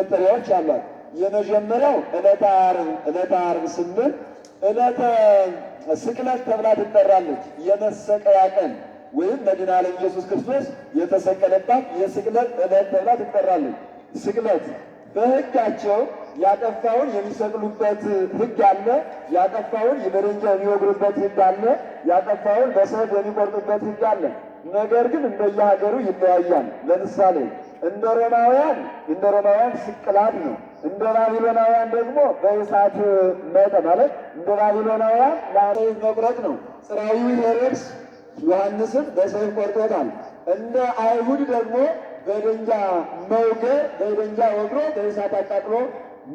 መጠሪያዎች አሏት። የመጀመሪያው ዕለተ ዓርብ ዕለተ ዓርብ ስንል ዕለተ ስቅለት ተብላ ትጠራለች። የመሰቀያ ቀን ወይም መድኃኔዓለም ኢየሱስ ክርስቶስ የተሰቀለባት የስቅለት ዕለት ተብላ ትጠራለች። ስቅለት በሕጋቸው ያጠፋውን የሚሰቅሉበት ሕግ አለ። ያጠፋውን በደንጃ የሚወግሩበት ሕግ አለ። ያጠፋውን በሰይፍ የሚቆርጡበት ሕግ አለ። ነገር ግን እንደየሀገሩ ይለያያል። ለምሳሌ እንደ ሮማውያን እንደ ሮማውያን ስቅላት ነው። እንደ ባቢሎናውያን ደግሞ በእሳት መጠ ማለት እንደ ባቢሎናውያን ለአሬዝ መቁረጥ ነው። ጽራዊ ሄሮድስ ዮሐንስን በሰይፍ ቆርጦታል። እንደ አይሁድ ደግሞ በደንጃ መውገር፣ በደንጃ ወግሮ በእሳት አቃጥሎ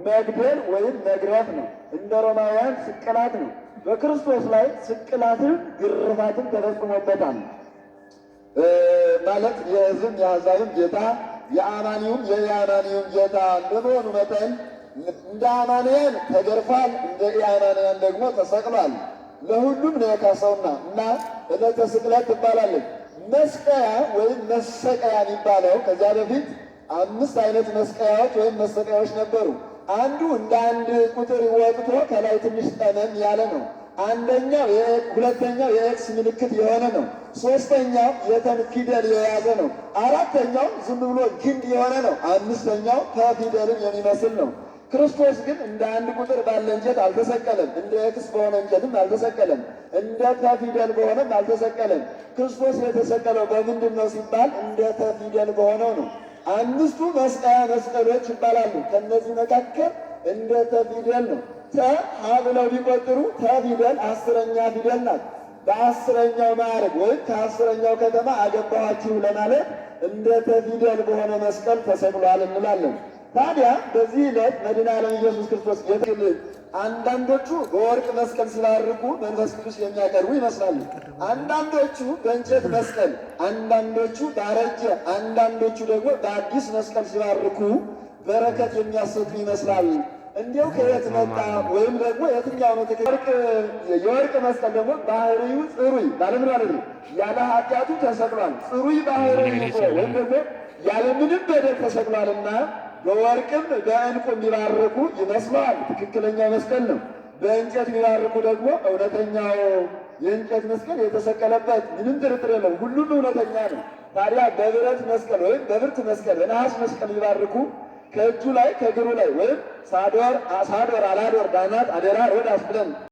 መግደል ወይም መግረፍ ነው። እንደ ሮማውያን ስቅላት ነው። በክርስቶስ ላይ ስቅላትን ግርፋትን ተፈጽሞበታል ማለት የህዝብ የአሕዛብም ጌታ የአማኒውም የአማኒውም ጌታ እንደመሆኑ መጠን እንደ አማንያን ተገርፏል፣ እንደ የአማንያን ደግሞ ተሰቅሏል። ለሁሉም ነው የካሰውና እና ዕለተ ስቅለት ትባላለች። መስቀያ ወይም መሰቀያ የሚባለው ከዚያ በፊት አምስት አይነት መስቀያዎች ወይም መሰቀያዎች ነበሩ። አንዱ እንደ አንድ ቁጥር ወጥቶ ከላይ ትንሽ ጠመም ያለ ነው። አንደኛው ሁለተኛው የኤክስ ምልክት የሆነ ነው። ሶስተኛው የተን ፊደል የያዘ ነው። አራተኛው ዝም ብሎ ግንድ የሆነ ነው። አምስተኛው ከፊደልን የሚመስል ነው። ክርስቶስ ግን እንደ አንድ ቁጥር ባለ እንጨት አልተሰቀለም። እንደ ኤክስ በሆነ እንጨትም አልተሰቀለም። እንደ ተፊደል በሆነም አልተሰቀለም። ክርስቶስ የተሰቀለው በምንድን ነው ሲባል እንደ ተፊደል በሆነው ነው። አምስቱ መስቀያ መስቀሎች ይባላሉ። ከእነዚህ መካከል እንደ ተፊደል ነው። ተ አብለው ቢቆጥሩ ተ ፊደል አስረኛ ፊደል ናት። በአስረኛው ማዕረግ ወይም ከአስረኛው ከተማ አገባኋችሁ ለማለት እንደ ተ ፊደል በሆነ መስቀል ተሰቅሏል እንላለን። ታዲያ በዚህ ዕለት መድኃኔዓለም ኢየሱስ ክርስቶስ ጌታ አንዳንዶቹ በወርቅ መስቀል ሲባርኩ መንፈስ ቅዱስ የሚያቀርቡ ይመስላሉ። አንዳንዶቹ በእንጨት መስቀል፣ አንዳንዶቹ ባረጀ፣ አንዳንዶቹ ደግሞ በአዲስ መስቀል ሲባርኩ በረከት የሚያሰጡ ይመስላል። እንዲያው ከየት መጣ ወይም ደግሞ የትኛው ነው ትክክል? የወርቅ መስቀል ደግሞ ባህሪው ጽሩይ ማለት ማለት ነው። ያለ ኃጢአቱ ተሰቅሏል። ጽሩይ ባህሪው ወይም ደግሞ ያለ ምንም በደል ተሰቅሏልና በወርቅም በእንቁ የሚባርኩ ይመስለዋል። ትክክለኛ መስቀል ነው። በእንጨት የሚባርኩ ደግሞ እውነተኛው የእንጨት መስቀል የተሰቀለበት ምንም ጥርጥር የለም። ሁሉም እውነተኛ ነው። ታዲያ በብረት መስቀል ወይም በብርት መስቀል በነሐስ መስቀል የሚባርኩ ከእጁ ላይ ከእግሩ ላይ ወይም ሳዶር አሳዶር አላዶር ዳናት አደራ ሮዳስ ብለን